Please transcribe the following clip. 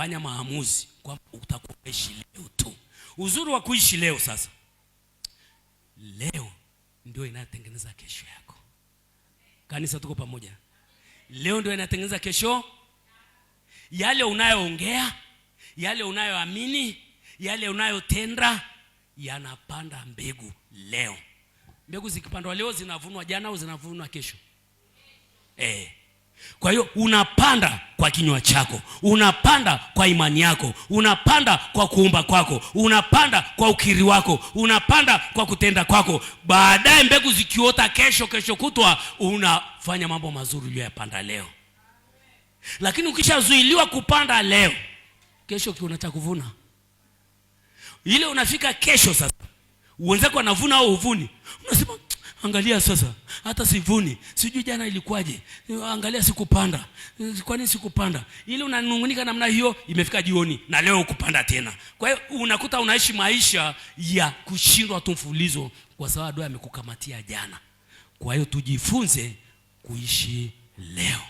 kufanya maamuzi kwamba utakuishi leo tu. Uzuri wa kuishi leo sasa, leo ndio inatengeneza kesho yako. Kanisa, tuko pamoja? Leo ndio inatengeneza kesho, yale unayoongea, yale unayoamini, yale unayotenda yanapanda mbegu leo. Mbegu zikipandwa leo zinavunwa jana au zinavunwa kesho, eh. Kwa hiyo unapanda kwa kinywa chako, unapanda kwa imani yako, unapanda kwa kuumba kwako, unapanda kwa ukiri wako, unapanda kwa kutenda kwako. Baadaye mbegu zikiota kesho, kesho kutwa, unafanya mambo mazuri uliyoyapanda leo. Lakini ukishazuiliwa kupanda leo, kesho kiona cha kuvuna. Ile unafika kesho, sasa wenzako wanavuna au huvuni, unasema Angalia sasa, hata sivuni, sijui jana ilikuwaje. Angalia sikupanda, kwa nini sikupanda? Ile unanungunika namna hiyo, imefika jioni na leo ukupanda tena. Kwa hiyo unakuta unaishi maisha ya kushindwa tu kwa sababu adui amekukamatia jana. Kwa hiyo tujifunze kuishi leo.